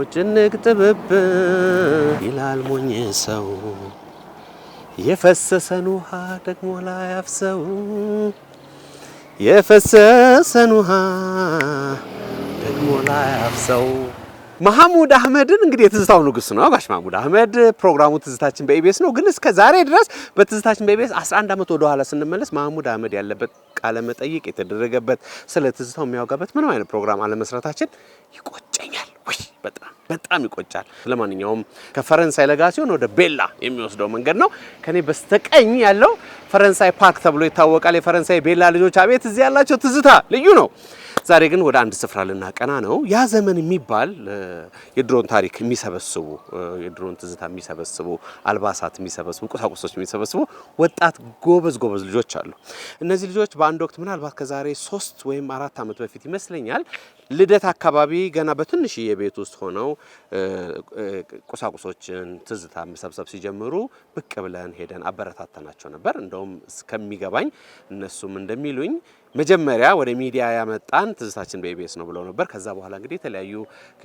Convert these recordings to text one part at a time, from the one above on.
ከሌላው ጭንቅ ጥብብ ይላል ሞኝ ሰው የፈሰሰን ውሃ ደግሞ ላይ አፍሰው የፈሰሰን ውሃ ደግሞ ላይ አፍሰው። መሐሙድ አህመድን እንግዲህ የትዝታው ንጉስ ነው ጋሽ መሐሙድ አህመድ። ፕሮግራሙ ትዝታችን በኢቢኤስ ነው፣ ግን እስከ ዛሬ ድረስ በትዝታችን በኢቢኤስ 11 ዓመት ወደ ኋላ ስንመለስ መሐሙድ አህመድ ያለበት ቃለ መጠይቅ የተደረገበት ስለ ትዝታው የሚያወጋበት ምንም አይነት ፕሮግራም አለመስራታችን ይቆጨኛል። በጣም በጣም ይቆጫል። ለማንኛውም ከፈረንሳይ ለጋ ሲሆን ወደ ቤላ የሚወስደው መንገድ ነው። ከኔ በስተቀኝ ያለው ፈረንሳይ ፓርክ ተብሎ ይታወቃል። የፈረንሳይ ቤላ ልጆች አቤት እዚህ ያላቸው ትዝታ ልዩ ነው። ዛሬ ግን ወደ አንድ ስፍራ ልናቀና ነው። ያ ዘመን የሚባል የድሮን ታሪክ የሚሰበስቡ የድሮን ትዝታ የሚሰበስቡ አልባሳት የሚሰበስቡ ቁሳቁሶች የሚሰበስቡ ወጣት ጎበዝ ጎበዝ ልጆች አሉ። እነዚህ ልጆች በአንድ ወቅት ምናልባት ከዛሬ ሶስት ወይም አራት ዓመት በፊት ይመስለኛል ልደት አካባቢ ገና በትንሽዬ ቤት ውስጥ ሆነው ቁሳቁሶችን ትዝታ መሰብሰብ ሲጀምሩ ብቅ ብለን ሄደን አበረታተናቸው ነበር። እንደውም እስከሚገባኝ እነሱም እንደሚሉኝ መጀመሪያ ወደ ሚዲያ ያመጣን ትዝታችን በኢቢኤስ ነው ብለው ነበር። ከዛ በኋላ እንግዲህ የተለያዩ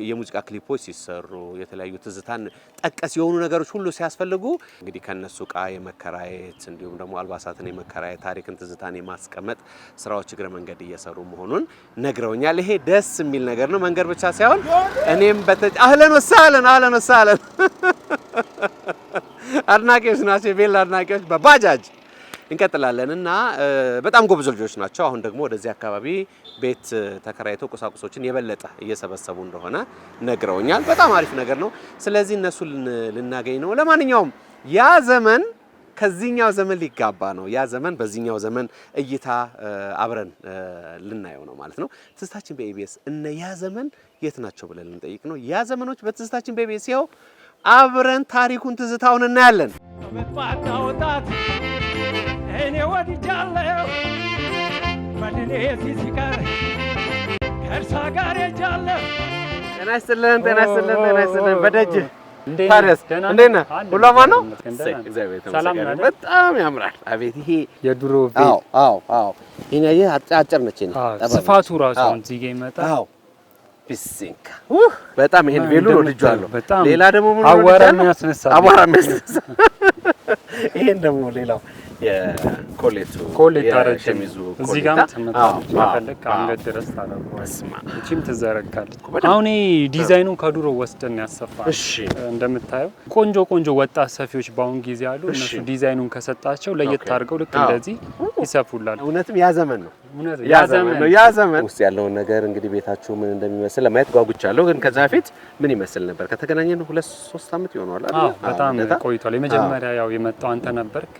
የሙዚቃ ክሊፖች ሲሰሩ የተለያዩ ትዝታን ጠቀስ የሆኑ ነገሮች ሁሉ ሲያስፈልጉ እንግዲህ ከነሱ እቃ የመከራየት እንዲሁም ደግሞ አልባሳትን የመከራየት ታሪክን፣ ትዝታን የማስቀመጥ ስራዎች እግረ መንገድ እየሰሩ መሆኑን ነግረውኛል። ይሄ ደስ የሚል ነገር ነው። መንገድ ብቻ ሳይሆን እኔም በተ አህለን ወሳለን አህለን ወሳለን አድናቂዎች ናቸው። ቤል አድናቂዎች በባጃጅ እንቀጥላለን እና በጣም ጎበዝ ልጆች ናቸው። አሁን ደግሞ ወደዚህ አካባቢ ቤት ተከራይተው ቁሳቁሶችን የበለጠ እየሰበሰቡ እንደሆነ ነግረውኛል። በጣም አሪፍ ነገር ነው። ስለዚህ እነሱ ልናገኝ ነው። ለማንኛውም ያ ዘመን ከዚህኛው ዘመን ሊጋባ ነው። ያ ዘመን በዚህኛው ዘመን እይታ አብረን ልናየው ነው ማለት ነው። ትዝታችን በኢቢኤስ እነ ያ ዘመን የት ናቸው ብለን ልንጠይቅ ነው። ያ ዘመኖች በትዝታችን በኢቢኤስ ያው አብረን ታሪኩን ትዝታውን እናያለን። እኔ ወድጃለሁ በድኔ ፊት ሲቀር ከእርሷ ጋር ሄጃለሁ። ጤና ይስጥልን፣ ጤና ይስጥልን፣ ጤና ይስጥልን። በደጅ ታዲያስ እንዴት ነህ? ሁሉ አማን ነው? በጣም ያምራል። አቤት ይሄ የድሮ ቤት። አዎ አዎ፣ ይሄ ነች። ስፋቱ ራሱ አሁን እዚህ ጋር ይመጣ። አዎ በጣም ይሄን ቤሉ ነው ልጅ አለው። ሌላ ደግሞ ምን አቧራ የሚያስነሳ አቧራ የሚያስነሳ ይሄን ደግሞ ሌላው የኮሌቱ ትዘረጋለች። አሁን ዲዛይኑን ከድሮ ወስደን ያሰፋል። እንደምታየው ቆንጆ ቆንጆ ወጣት ሰፊዎች በአሁን ጊዜ አሉ። እነሱ ዲዛይኑን ከሰጣቸው ለየት አድርገው ልክ እንደዚህ ይሰፉላል። እውነትም ያ ዘመን ነው። ያ ዘመን ውስጥ ያለውን ነገር እንግዲህ ቤታችሁ ምን እንደሚመስል ለማየት ጓጉቻለሁ። ግን ከዛ በፊት ምን ይመስል ነበር? ከተገናኘን ሁለት ሶስት ዓመት ይሆናል። በጣም ቆይቷል። የመጀመሪያ ያው የመጣው አንተ ነበርክ።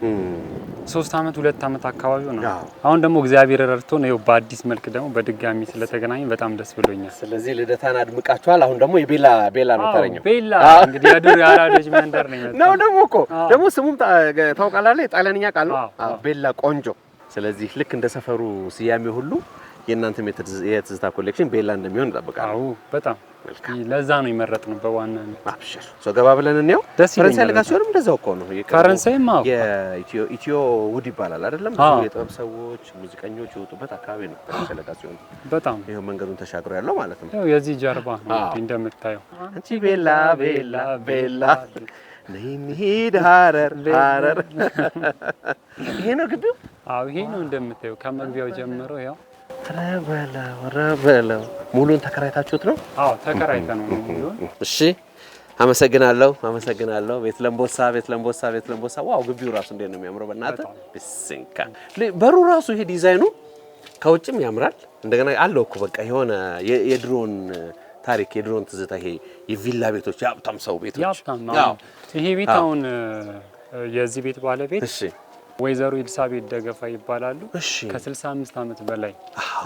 ሶስት ዓመት ሁለት ዓመት አካባቢው ነው። አሁን ደግሞ እግዚአብሔር ረድቶን ነው በአዲስ መልክ ደግሞ በድጋሚ ስለተገናኘን በጣም ደስ ብሎኛል። ስለዚህ ልደታን አድምቃችኋል። አሁን ደግሞ የቤላ ቤላ ነው ተረኛው። ቤላ እንግዲህ የዱር የአራዶች መንደር ነው። ደግሞ እኮ ደግሞ ስሙም ታውቃላለህ፣ የጣሊያንኛ ቃል ነው ቤላ ቆንጆ ስለዚህ ልክ እንደ ሰፈሩ ስያሜ ሁሉ የእናንተም የትዝታ ኮሌክሽን ቤላ እንደሚሆን እጠብቃለሁ። በጣም ለዛ ነው ነው በዋናነት። አብሽር ገባ ብለን እንየው። ደስ ፈረንሳይ ልጋ ሲሆንም እንደዛው እኮ ነው። ፈረንሳይም ኢትዮ ውድ ይባላል አይደለም? የጥበብ ሰዎች ሙዚቀኞች የወጡበት አካባቢ ነው ፈረንሳይ ልጋ ሲሆን። በጣም ይኸው መንገዱን ተሻግሮ ያለው ማለት ነው። ያው የዚህ ጀርባ ነው እንደምታየው። አንቺ ቤላ ቤላ ቤላ ነይ እንሂድ ሀረር ሀረር። ይሄ ነው ግቢው አዎ ይሄ ነው እንደምታዩ፣ ከመግቢያው ጀምሮ ያው ረበለው ረበለው። ሙሉን ተከራይታችሁት ነው? አዎ ተከራይተ ነው ሙሉን። እሺ አመሰግናለሁ፣ አመሰግናለሁ። ቤት ለምቦሳ፣ ቤት ለምቦሳ፣ ቤት ለምቦሳ። ዋው ግቢው ራሱ እንዴት ነው የሚያምረው! በእናተ ቢስንካ በሩ ራሱ ይሄ ዲዛይኑ ከውጭም ያምራል። እንደገና አለው እኮ በቃ የሆነ የድሮን ታሪክ የድሮን ትዝታ ይሄ የቪላ ቤቶች የሀብታም ሰው ቤቶች። ይሄ ቤት አሁን የዚህ ቤት ባለቤት ወይዘሮ ኤልሳቤት ደገፋ ይባላሉ። ከ65 ዓመት በላይ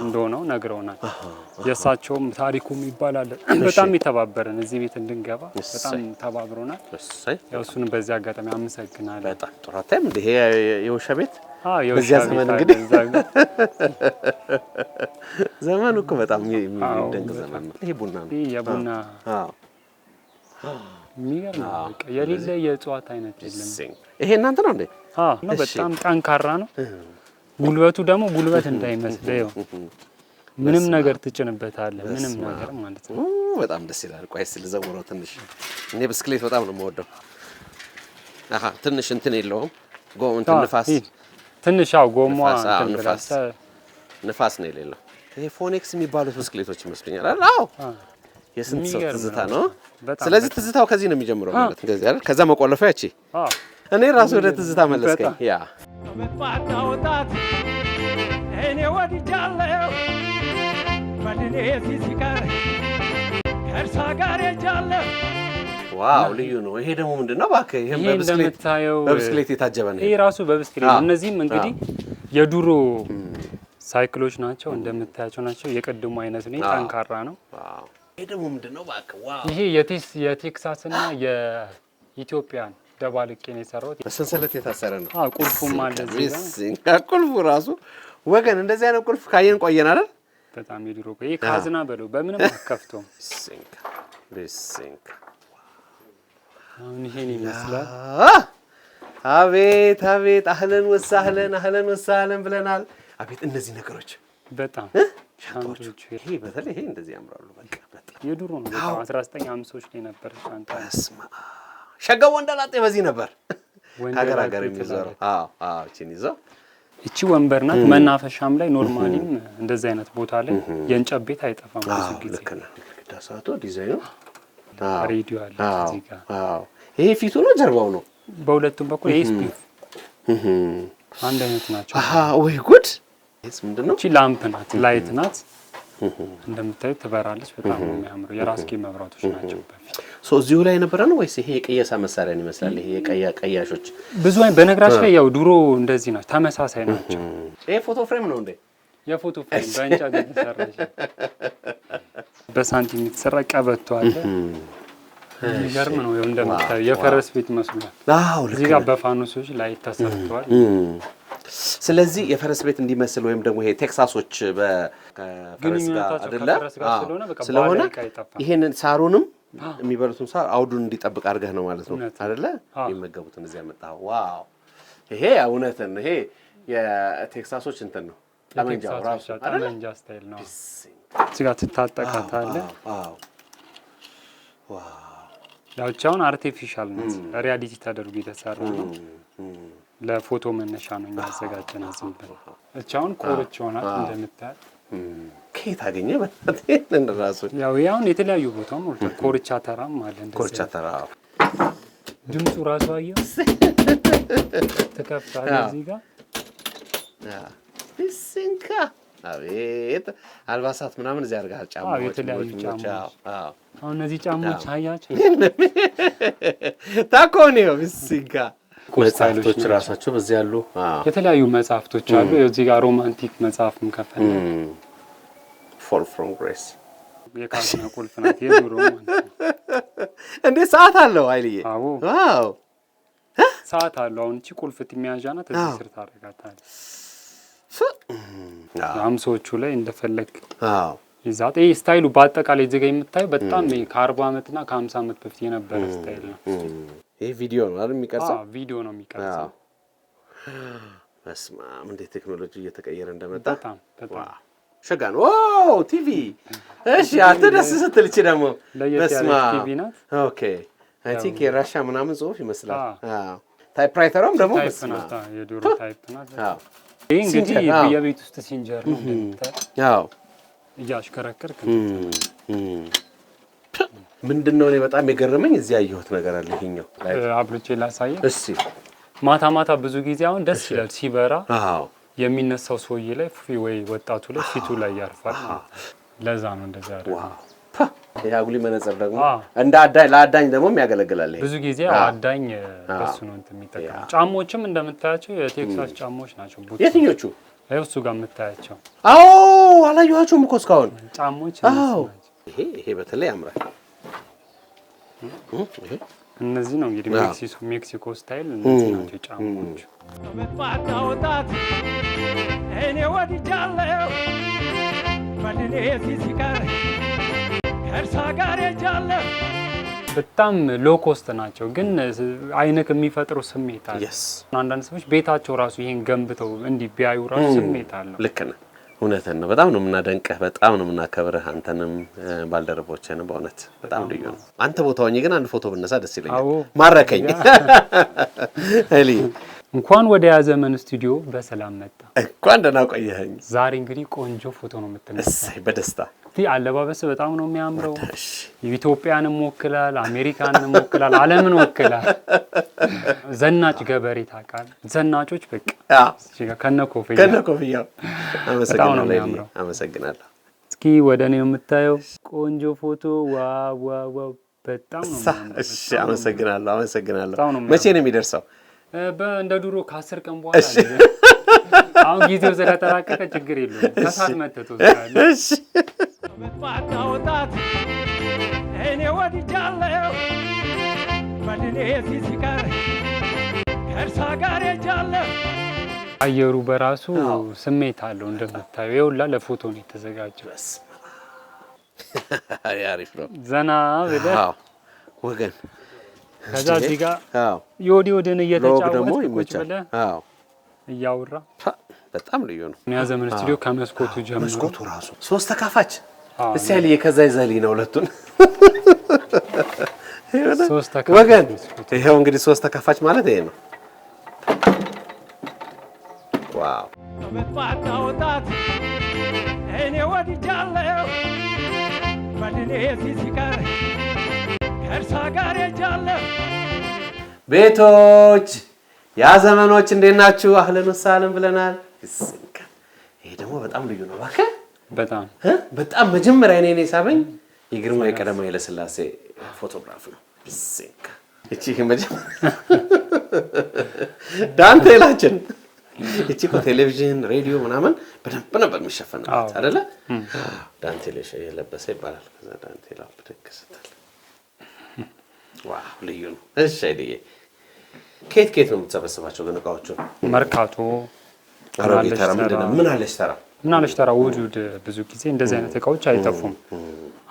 እንደሆነው ነግረውናል። የእሳቸውም ታሪኩም ይባላል። በጣም የተባበረን እዚህ ቤት እንድንገባ በጣም ተባብሮናል። እሱን በዚህ አጋጣሚ አመሰግናለሁ። በጣም ጥሩ ይሄ የውሻ ቤት በዚያ ዘመን እንግዲህ ዘመኑ እኮ በጣም የሚደንቅ ዘመን ነው። ይሄ ቡና ነው። የቡና የሚገርም የሌለ የእጽዋት አይነት የለም። ይሄ እናንተ ነው እንዴ? በጣም ጠንካራ ነው። ጉልበቱ ደግሞ ጉልበት እንዳይመስል ይኸው ምንም ነገር ትጭንበታለህ፣ ምንም ነገር ማለት ነው። በጣም ደስ ይላል። ቆይ ስልዘውረው ትንሽ እኔ ብስክሌት በጣም ነው የምወደው። አሃ ትንሽ እንትን የለውም ጎም እንትን ንፋስ ትንሽ አው ጎማ ንፋስ ንፋስ ነው የሌለው። ይሄ ፎኔክስ የሚባሉት ብስክሌቶች ይመስሉኛል አይደል? አዎ የስንት ሰው ትዝታ ነው። ስለዚህ ትዝታው ከዚህ ነው የሚጀምረው ማለት እንደዚህ አይደል? ከዛ መቆለፈ ያቺ እኔ ራሱ ወደ ትዝታ መለስከኝ። ያ ወጣት እኔ ወድጃለሁ በድኔ ፊት ከእርሷ ጋር ሄጃለሁ። ዋው ልዩ ነው። ይሄ ደግሞ ምንድነው እባክህ? ይሄ በብስክሌት የታጀበ ነው። ይሄ ራሱ በብስክሌት እነዚህም እንግዲህ የዱሮ ሳይክሎች ናቸው እንደምታያቸው ናቸው። የቅድሙ አይነት ነው። ጠንካራ ነው። ይሄ ደግሞ ምንድነው እባክህ? ዋው ይሄ የቴክሳስ እና የኢትዮጵያን ደባልቄ ነው የሰራሁት። በሰንሰለት የታሰረ ነው። ቁልፉም አለ እዚህ ቁልፉ ራሱ ወገን፣ እንደዚህ አይነት ቁልፍ ካየን ቆየን አይደል? በጣም የድሮ ቆይ ካዝና በለው በምንም አከፍቶም አሁን ይሄን ይመስላል። አቤት አቤት፣ አህለን ወሳህለን አህለን ወሳህለን ብለናል። አቤት እነዚህ ነገሮች በጣም ይሄ በተለይ ይሄ እንደዚህ ያምራሉ። በቃ በጣም የድሮ ነው። አምሶች ላይ ነበር ሻንጣ ሸጋው ወንደላጤ በዚህ ነበር ሀገር ሀገር የሚዞረው። ችን ይዘው እቺ ወንበር ናት። መናፈሻም ላይ ኖርማሊም እንደዚህ አይነት ቦታ ላይ የእንጨት ቤት አይጠፋም። ልክ ግድግዳ ሰዓቱ ዲዛይኑ ሬዲዮ አለ ይሄ ፊቱ ነው ጀርባው ነው በሁለቱም በኩል ይሄ ስፒ አንድ አይነት ናቸው። ወይ ጉድ! ምንድነው? እቺ ላምፕ ናት፣ ላይት ናት። እንደምታዩ ትበራለች። በጣም የሚያምሩ የራስጌ መብራቶች ናቸው። በፊት እዚሁ ላይ ነበረ ነው ወይስ ይሄ የቀየሳ መሳሪያን ይመስላል? ይሄ ቀያሾች ብዙ አይ በነገራችን ላይ ያው ድሮ እንደዚህ ናቸው፣ ተመሳሳይ ናቸው። ይሄ ፎቶ ፍሬም ነው እንዴ? የፎቶ ፍሬም በእንጨት የተሰራ በሳንቲም የተሰራ ቀበቶ አለ። የሚገርም ነው። እንደምታዩ የፈረስ ቤት መስሏል። እዚህ ጋር በፋኖሶች ላይ ተሰርተዋል። ስለዚህ የፈረስ ቤት እንዲመስል ወይም ደግሞ ይሄ ቴክሳሶች በፈረስ ጋር አይደለ ስለሆነ ይሄንን ሳሩንም የሚበሉትን ሳር አውዱን እንዲጠብቅ አድርገህ ነው ማለት ነው አይደለ? የሚመገቡትን እዚህ ያመጣኸው። ዋው! ይሄ እውነትን ይሄ የቴክሳሶች እንትን ነው ጠመንጃው ራሱ ጠመንጃ ስታይል ነው። እዚህ ጋር ትታጠቃታለህ። ዳውቻውን አርቲፊሻል ነው ሪያሊቲ ተደርጎ የተሰራ ነው። ለፎቶ መነሻ ነው የሚያዘጋጀን። አዝንብን እች ኮርች ሆናል እንደምታል ከየት አገኘ ራሱ ያው ያሁን የተለያዩ ቦታው ሞልቷል። ኮርቻ ተራም አለ። ኮርቻ ተራ ድምፁ ራሱ አየ ትከፍታለህ እዚህ ጋር ስንካ አቤት አልባሳት ምናምን እዚህ አድርገሃል። ጫማዎች የተለያዩ ጫማዎች። አሁን እነዚህ ጫማዎች አያቸው ታኮ ነው ስንካ መጽሐፍቶች ራሳቸው በዚህ ያሉ የተለያዩ መጽሐፍቶች አሉ። እዚህ ጋር ሮማንቲክ መጽሐፍም ከፈለ ፎል ፍሮም ግሬስ የካዝና ቁልፍ ናት። የዱሮ እንዴ ሰዓት አለው ኃይልዬ። ዋው ሰዓት አለው። አሁን እቺ ቁልፍት የሚያዣ ናት። እዚህ ስር ታደርጋታለህ። አምሶቹ ላይ እንደፈለግ ይዛት ይህ ስታይሉ በአጠቃላይ እዚህ ጋ የምታየው በጣም ከአርባ ዓመትና ከሀምሳ ዓመት በፊት የነበረ ስታይል ነው። ይሄ ቪዲዮ ነው አይደል? የሚቀርጸው ቪዲዮ ነው የሚቀርጸው። መስማም እንዴት ቴክኖሎጂ እየተቀየረ እንደመጣ በጣም በጣም ሸጋ ነው። ቲቪ እሺ፣ አንተ ደስ ስትል እቺ ደግሞ ቲቪ ናት። ኦኬ አይ ቲንክ የራሻ ምናምን ጽሁፍ ይመስላል። ታይፕራይተሯም ደግሞ የዱሮ ታይፕ ናት። ይህ እንግዲህ የቤት ውስጥ ሲንጀር ነው እያሽከረከርክ ምንድን ነው እኔ በጣም የገረመኝ እዚህ ያየሁት ነገር አለ። ይሄኛው አብርቼ ላሳየ እሺ። ማታ ማታ ብዙ ጊዜ አሁን ደስ ይላል ሲበራ፣ አዎ የሚነሳው ሰውዬ ላይ ወይ ወጣቱ ላይ ፊቱ ላይ ያርፋል። ለዛ ነው እንደዛ ይሄ አጉሊ መነጽር ደግሞ እንደ አዳኝ ለአዳኝ ደግሞ የሚያገለግላል። ብዙ ጊዜ አዳኝ በሱ ነው እንትን የሚጠቀመው። ጫማዎችም እንደምታያቸው የቴክሳስ ጫማዎች ናቸው። የትኞቹ? እሱ ጋር የምታያቸው። አዎ አላየኋቸውም እኮ እስካሁን ጫማዎች። ይሄ ይሄ በተለይ ያምራል። እነዚህ ነው እንግዲህ ሜክሲኮ ስታይል እነዚህ ናቸው ጫማዎቹ። በጣም ሎኮስት ናቸው፣ ግን አይንክ የሚፈጥሩ ስሜት አለ። አንዳንድ ሰዎች ቤታቸው ራሱ ይሄን ገንብተው እንዲህ ቢያዩ ራሱ ስሜት አለው። ልክ ነህ። እውነትን ነው። በጣም ነው የምናደንቀህ፣ በጣም ነው የምናከብርህ፣ አንተንም ባልደረቦችን በእውነት በጣም ልዩ ነው። አንተ ቦታ ሆኜ ግን አንድ ፎቶ ብነሳ ደስ ይለኛል። ማረከኝ። እንኳን ወደ ያ ዘመን ስቱዲዮ በሰላም መጣ። እንኳን ደህና ቆየኸኝ። ዛሬ እንግዲህ ቆንጆ ፎቶ ነው የምትነሳው። በደስታ አለባበስ በጣም ነው የሚያምረው። ኢትዮጵያንም ወክላል፣ አሜሪካንም ወክላል፣ ዓለምን ወክላል። ዘናጭ ገበሬ ታውቃለህ? ዘናጮች በቃ ከነ ኮፍያ ከነ ኮፍያው። አመሰግናለሁ፣ አመሰግናለሁ። እስኪ ወደ እኔ የምታየው ቆንጆ ፎቶ ዋው፣ ዋው፣ ዋው! በጣም ነው። አመሰግናለሁ፣ አመሰግናለሁ። መቼ ነው የሚደርሰው? እንደ ዱሮ ከአስር ቀን በኋላ አሁን ጊዜው ስለተራቀቀ ችግር የለውም። ከሳት መተቶ አየሩ በራሱ ስሜት አለው። እንደምታዩ የውላ ለፎቶ ነው የተዘጋጀው። ዘና ብለህ ወገን ከዛ እዚህ ጋር የወዲ ወደን እየተጫወት እያወራ በጣም ልዩ ነው። ያ ዘመን ስቱዲዮ ከመስኮቱ ጀምሮ መስኮቱ ራሱ ሶስት ተካፋች እስያል የከዛ ይዘህልኝ ነው ሁለቱን ወገን ይኸው እንግዲህ ሶስት ተካፋች ማለት ይሄ ነው። ዋው ወጣት እኔ ወድጃለሁ በድኔ ሲቀር ቤቶች ያ ዘመኖች እንዴት ናችሁ? አህለን ወሳለን ብለናል። ይሄ ደግሞ በጣም ልዩ ነው። እባክህ በጣም በጣም መጀመሪያ እኔ እኔ ሳበኝ የግርማ የቀዳማዊ ኃይለሥላሴ ፎቶግራፍ ነው። ይስንካ እቺ ዳንቴላችን እቺ እኮ ቴሌቪዥን፣ ሬዲዮ ምናምን በደንብ ነበር የሚሸፈንበት አይደለ? ዳንቴል የለበሰ ይባላል። ከዛ ዳንቴላ ብድግ ስትል ዋው ልዩ ነው። እሺ አይደዬ፣ ከየት ከየት ነው የምትሰበስባቸው ግን እቃዎቹ? መርካቶ ምን አለች ተራ ምን አለች ተራ ውድውድ ብዙ ጊዜ እንደዚህ አይነት እቃዎች አይጠፉም።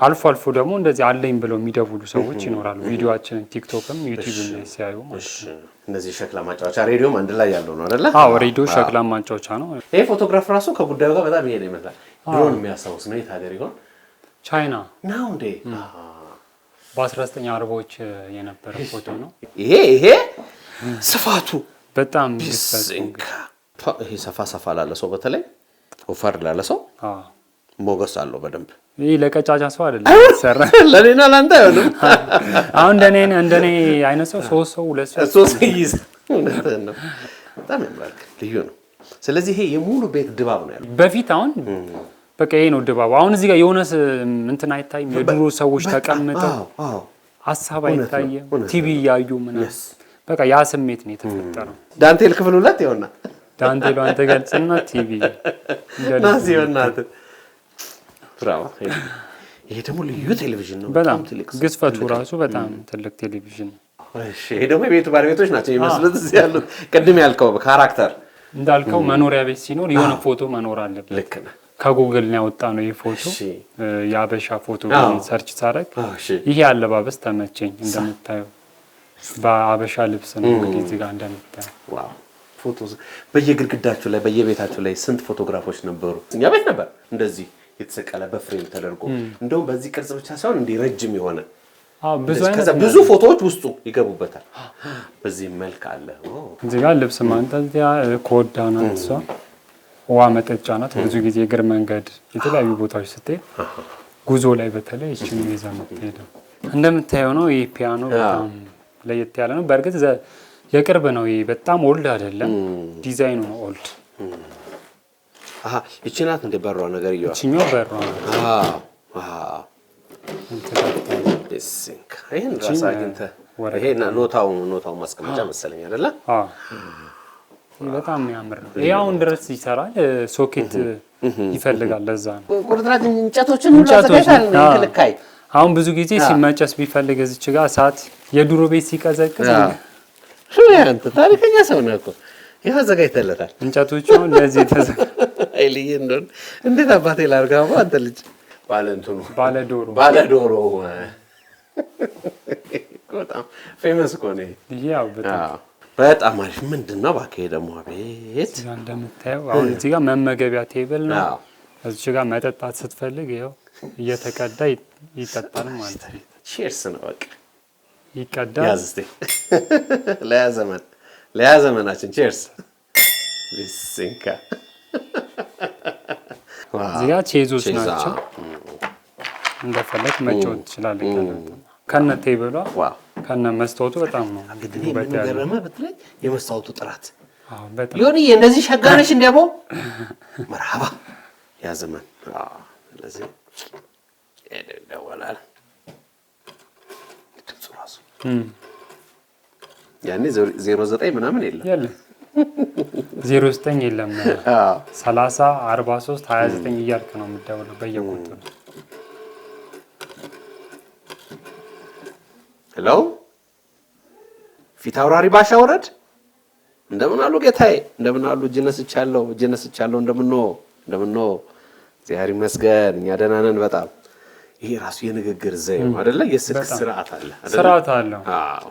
አልፎ አልፎ ደግሞ እንደዚህ አለኝ ብለው የሚደውሉ ሰዎች ይኖራሉ። ቪዲዮችንን ቲክቶክም ዩቲዩብ ሲያዩ እነዚህ ሸክላ ማጫወቻ ሬዲዮም አንድ ላይ ያለው ነው አይደለ? አዎ ሬዲዮ ሸክላ ማጫወቻ ነው። ይህ ፎቶግራፍ ራሱ ከጉዳዩ ጋር በጣም ይሄ ይመስላል። ድሮን የሚያስታውስ ነው። የት ሀገር ይሆን? ቻይና ነው እንዴ? በ1940ዎች የነበረ ፎቶ ነው ይሄ። ይሄ ስፋቱ በጣም ይሄ ሰፋ ሰፋ ላለ ሰው በተለይ ወፈር ላለ ሰው ሞገስ አለው በደንብ። ይህ ለቀጫጫ ሰው አይደለም ሰራ ለሌና ለአንተ አይሆንም። አሁን እንደኔ አይነት ሰው ሶስት ሰው ሁለት ሰው ሶስት በጣም ያምራል። ልዩ ነው። ስለዚህ ይሄ የሙሉ ቤት ድባብ ነው ያለው በፊት አሁን በቃ ይሄ ነው ድባቡ። አሁን እዚህ ጋር የሆነ እንትን አይታይም። የድሮ ሰዎች ተቀምጠው ሀሳብ አይታየም። ቲቪ እያዩ ምናምን በቃ ያ ስሜት ነው የተፈጠረው። ዳንቴል ክፍል ሁለት ይሆና ዳንቴል አንተ ገልጽና ቲቪ ናዚ ሆናት ብራው ይሄ ደግሞ ልዩ ቴሌቪዥን ነው። በጣም ትልቅ ግዝፈቱ ራሱ በጣም ትልቅ ቴሌቪዥን ነው። እሺ፣ ይሄ ደግሞ የቤቱ ባለቤቶች ናቸው የሚመስሉት እዚህ ያሉት። ቅድም ያልከው ካራክተር እንዳልከው መኖሪያ ቤት ሲኖር የሆነ ፎቶ መኖር አለበት። ልክ ነህ። ከጉግል ነው ያወጣነው ይህ ፎቶ። የአበሻ ፎቶ ሰርች ሳረግ ይሄ አለባበስ ተመቸኝ። እንደምታየው በአበሻ ልብስ ነው እንግዲህ እዚህ ጋር እንደምታየው ፎቶ በየግድግዳችሁ ላይ በየቤታችሁ ላይ ስንት ፎቶግራፎች ነበሩ? እኛ ቤት ነበር እንደዚህ የተሰቀለ በፍሬም ተደርጎ እንደውም በዚህ ቅርጽ ብቻ ሳይሆን እንዲህ ረጅም የሆነ ብዙ ፎቶዎች ውስጡ ይገቡበታል። በዚህ መልክ አለ እዚህ ጋር ልብስ ማንጠልያ ኮዳ ነው እሷ ውሃ መጠጫ ናት። ብዙ ጊዜ እግር መንገድ የተለያዩ ቦታዎች ስትሄድ ጉዞ ላይ በተለይ እችን ይዛ የምትሄደው እንደምታየው ነው። ይህ ፒያኖ በጣም ለየት ያለ ነው። በእርግጥ የቅርብ ነው። ይህ በጣም ኦልድ አይደለም፣ ዲዛይኑ ነው ኦልድ። ይቺ ናት እንደ በሯ ነገር እያ እችኛ በሯ ይህን ራሳ ኖታው ኖታው ማስቀመጫ መሰለኝ አደለ በጣም የሚያምር ነው። ያውን ድረስ ይሰራል። ሶኬት ይፈልጋል። ለዛ ነው ቁርጥራጭ እንጨቶችን ሁሉ አዘጋጅታል። አሁን ብዙ ጊዜ ሲመጨስ ቢፈልግ እዚች ጋር እሳት የዱሮ ቤት ሲቀዘቅዝ ታሪከኛ ሰው ነው እኮ ይህ አዘጋጅተለታል። እንጨቶቹ እንደዚህ ተዘልይ እንደሆን እንዴት አባቴ ላርጋ አንተ ልጅ ባለዶሮ ባለዶሮ በጣም ፌመስ እኮ ነው ይሄ በጣም በጣም አሪፍ ምንድን ነው እባክህ ደግሞ ቤት እንደምታየው አሁን እዚህ ጋር መመገቢያ ቴብል ነው። እዚህ ጋር መጠጣት ስትፈልግ ይኸው እየተቀዳ ይጠጣል ማለት ነው። ቼርስ ነው በቃ ይቀዳል። ለያ ዘመን ለያ ዘመናችን ቼርስ። ቢስንካ እዚህ ጋር ቼዞች ናቸው። እንደፈለግ መጫወት ትችላለህ ከነ ቴብሏ ከነ መስታወቱ በጣም ነው እንግዲህ የምንገረመህ ብትለኝ የመስታወቱ ጥራት ሊሆን እንደዚህ ሸጋነሽ እንዲያቦ መርሃባ ያ ዘመን ስለዚህ ይደወላል። ድምፁ ራሱ ያኔ ዜሮ ዘጠኝ ምናምን የለም ዜሮ ዘጠኝ የለም። ሰላሳ አርባ ሶስት ሀያ ዘጠኝ እያልክ ነው በየቁጥሩ ብለው ፊት አውራሪ ባሻ ወረድ እንደምን አሉ ጌታዬ፣ እንደምን አሉ እጅ ነስቻለሁ፣ እጅ ነስቻለሁ፣ እንደምን ነው፣ እንደምን ነው፣ እግዚአብሔር ይመስገን፣ እኛ ደህና ነን። በጣም ይሄ ራሱ የንግግር ዘይ አይደለ? የስልክ ስርዓት አለ፣ ስርዓት አለ። አዎ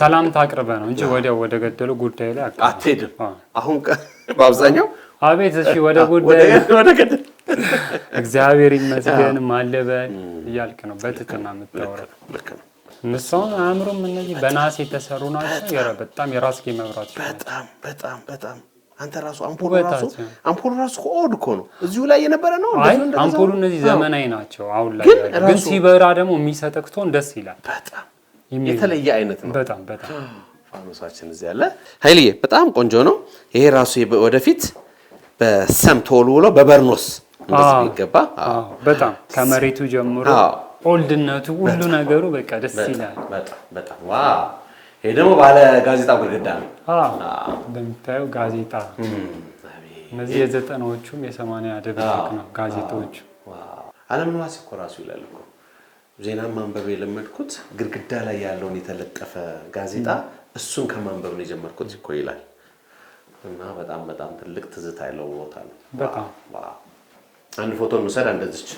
ሰላምታ አቅርበ ነው እንጂ ወዲያው ወደ ገደሉ ጉዳይ ላይ አትሄድም። አሁን በአብዛኛው አቤት፣ እሺ፣ ወደ ጉዳይ ወደ ገደል እግዚአብሔር ይመስገን ማለበል እያልክ ነው በትትና የምታወራው። ምሳውን አእምሮም እነዚህ በናስ የተሰሩ ናቸው። በጣም የራስጌ መብራት በጣም በጣም በጣም አንተ ራሱ አምፖሉ ራሱ አምፖሉ ራሱ ኦድ እኮ ነው። እዚሁ ላይ የነበረ ነው አምፖሉ። እነዚህ ዘመናዊ ናቸው አሁን ላይ ግን ሲበራ ደግሞ የሚሰጠቅቶን ደስ ይላል። በጣም የተለየ አይነት ነው። በጣም በጣም ፋኖሳችን እዚህ ያለ ኃይልዬ በጣም ቆንጆ ነው። ይሄ ራሱ ወደፊት በሰም ተወልውሎ በበርኖስ እንደዚህ ይገባ በጣም ከመሬቱ ጀምሮ አዎ ኦልድነቱ ሁሉ ነገሩ በቃ ደስ ይላል። በጣም ይሄ ደግሞ ባለ ጋዜጣ ግድግዳ ነው እንደምታየው ጋዜጣ። እነዚህ የዘጠናዎቹም የሰማንያ ደብቅ ነው ጋዜጣዎቹ። አለምነህ እኮ ራሱ ይላል እኮ ማንበብ የለመድኩት ግድግዳ ላይ ያለውን የተለጠፈ ጋዜጣ እሱን ከማንበብ ነው የጀመርኩት እኮ ይላል። እና በጣም በጣም ትልቅ ትዝታ ያለው ቦታ ነው። አንድ ፎቶ እንውሰድ እንደዚች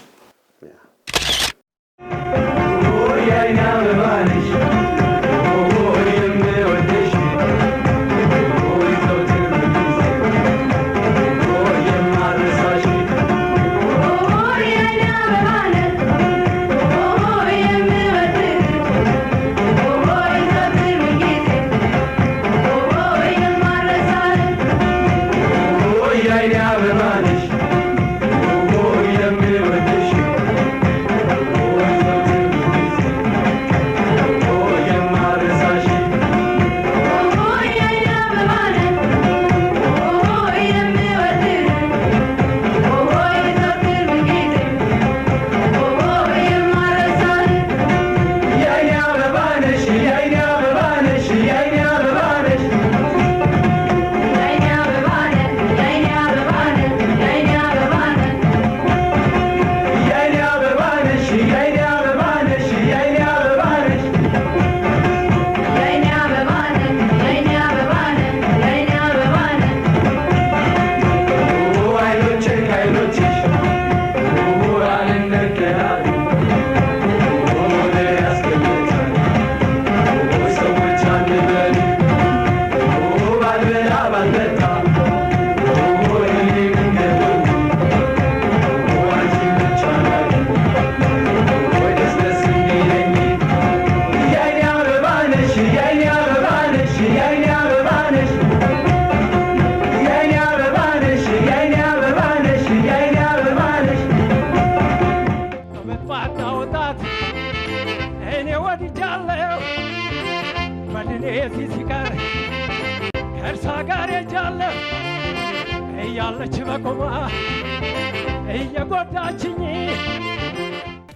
Oh, yeah, now the money's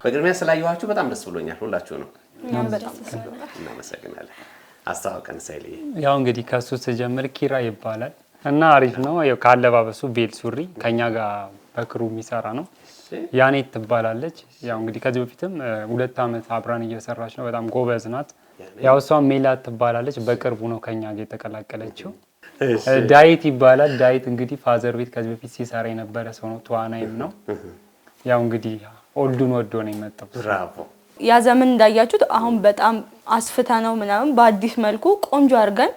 በቅድሚያ ስላየኋችሁ በጣም ደስ ብሎኛል። ሁላችሁ ነው እናመሰግናለን። አስተዋውቀን ሳይልዬ። ያው እንግዲህ ከሱ ስጀምር ኪራ ይባላል እና አሪፍ ነው ከአለባበሱ ቤል ሱሪ ከኛ ጋር በክሩ የሚሰራ ነው። ያኔት ትባላለች። ያው እንግዲህ ከዚህ በፊትም ሁለት ዓመት አብራን እየሰራች ነው። በጣም ጎበዝ ናት። ያው እሷም ሜላት ትባላለች። በቅርቡ ነው ከኛ ጋር የተቀላቀለችው። ዳዊት ይባላል። ዳዊት እንግዲህ ፋዘር ቤት ከዚህ በፊት ሲሰራ የነበረ ሰው ነው። ተዋናይም ነው። ያው እንግዲህ ኦልዱን ወዶ ነው የመጣው። ብራቮ ያ ዘመን እንዳያችሁት አሁን በጣም አስፍተ ነው ምናምን በአዲስ መልኩ ቆንጆ አድርገን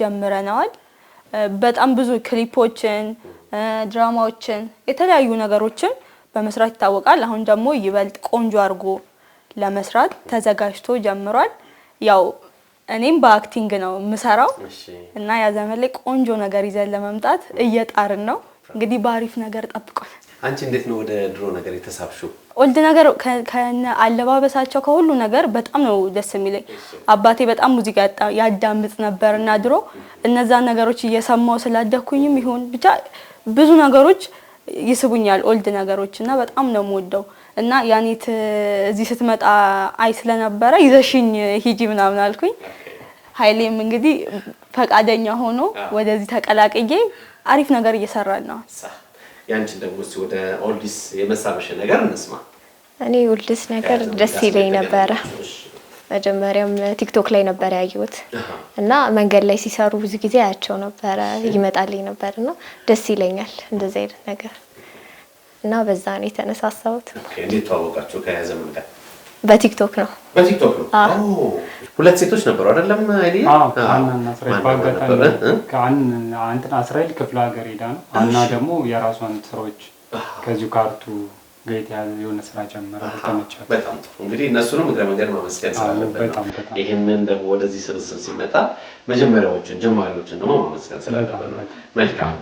ጀምረነዋል። በጣም ብዙ ክሊፖችን፣ ድራማዎችን፣ የተለያዩ ነገሮችን በመስራት ይታወቃል። አሁን ደግሞ ይበልጥ ቆንጆ አድርጎ ለመስራት ተዘጋጅቶ ጀምሯል። ያው እኔም በአክቲንግ ነው የምሰራው እና ያ ዘመን ላይ ቆንጆ ነገር ይዘን ለመምጣት እየጣርን ነው። እንግዲህ በአሪፍ ነገር ጠብቋል። አንቺ እንዴት ነው ወደ ድሮ ነገር የተሳብሽው? ኦልድ ነገር ከነ አለባበሳቸው ከሁሉ ነገር በጣም ነው ደስ የሚለኝ። አባቴ በጣም ሙዚቃ ያዳምጥ ነበር እና ድሮ እነዛን ነገሮች እየሰማው ስላደኩኝም ይሁን ብቻ ብዙ ነገሮች ይስቡኛል ኦልድ ነገሮች እና በጣም ነው የምወደው እና ያኔት እዚህ ስትመጣ አይ ስለነበረ ይዘሽኝ ሂጂ ምናምን አልኩኝ። ኃይሌም እንግዲህ ፈቃደኛ ሆኖ ወደዚህ ተቀላቅዬ አሪፍ ነገር እየሰራን ነው። ያንቺን ደግሞ ወደ ኦልዲስ የመሳበሽ ነገር እንስማ። እኔ ኦልዲስ ነገር ደስ ይለኝ ነበረ። መጀመሪያም ቲክቶክ ላይ ነበር ያየሁት እና መንገድ ላይ ሲሰሩ ብዙ ጊዜ አያቸው ነበረ፣ ይመጣልኝ ነበር እና ደስ ይለኛል እንደዚህ አይነት ነገር እና በዛ ነው የተነሳሳሁት። እንዴት ተዋወቃችሁ ከዘመን ጋር? በቲክቶክ ነው። በቲክቶክ ነው። ሁለት ሴቶች ነበሩ አይደለም? እኔ እስራኤል ክፍለ ሀገር ሄዳ ነው። አና ደግሞ የራሷን ስራዎች ከዚሁ ካርቱ ጋር ያለ የሆነ ስራ ጀመረ። ተመቻት። በጣም ጥሩ። እንግዲህ እነሱንም እግረ መንገድ ማመስገን ስላለበት ይህንን ደግሞ ወደዚህ ስብስብ ሲመጣ መጀመሪያዎችን ጀማሪዎችን ደግሞ ማመስገን ስላለበት መልካም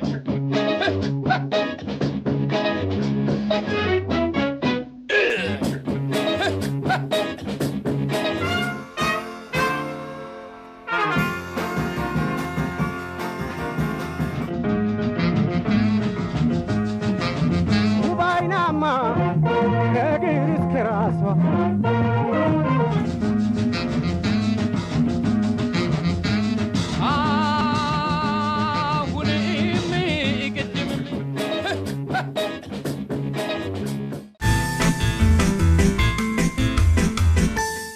Hey, hey.